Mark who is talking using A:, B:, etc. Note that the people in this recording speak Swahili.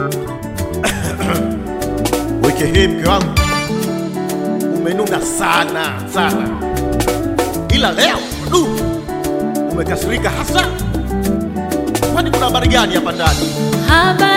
A: weke hii mke wangu, umenuna sana sana, ila leo du, umekasirika hasa. Kwani kuna habari gani hapa
B: ndani?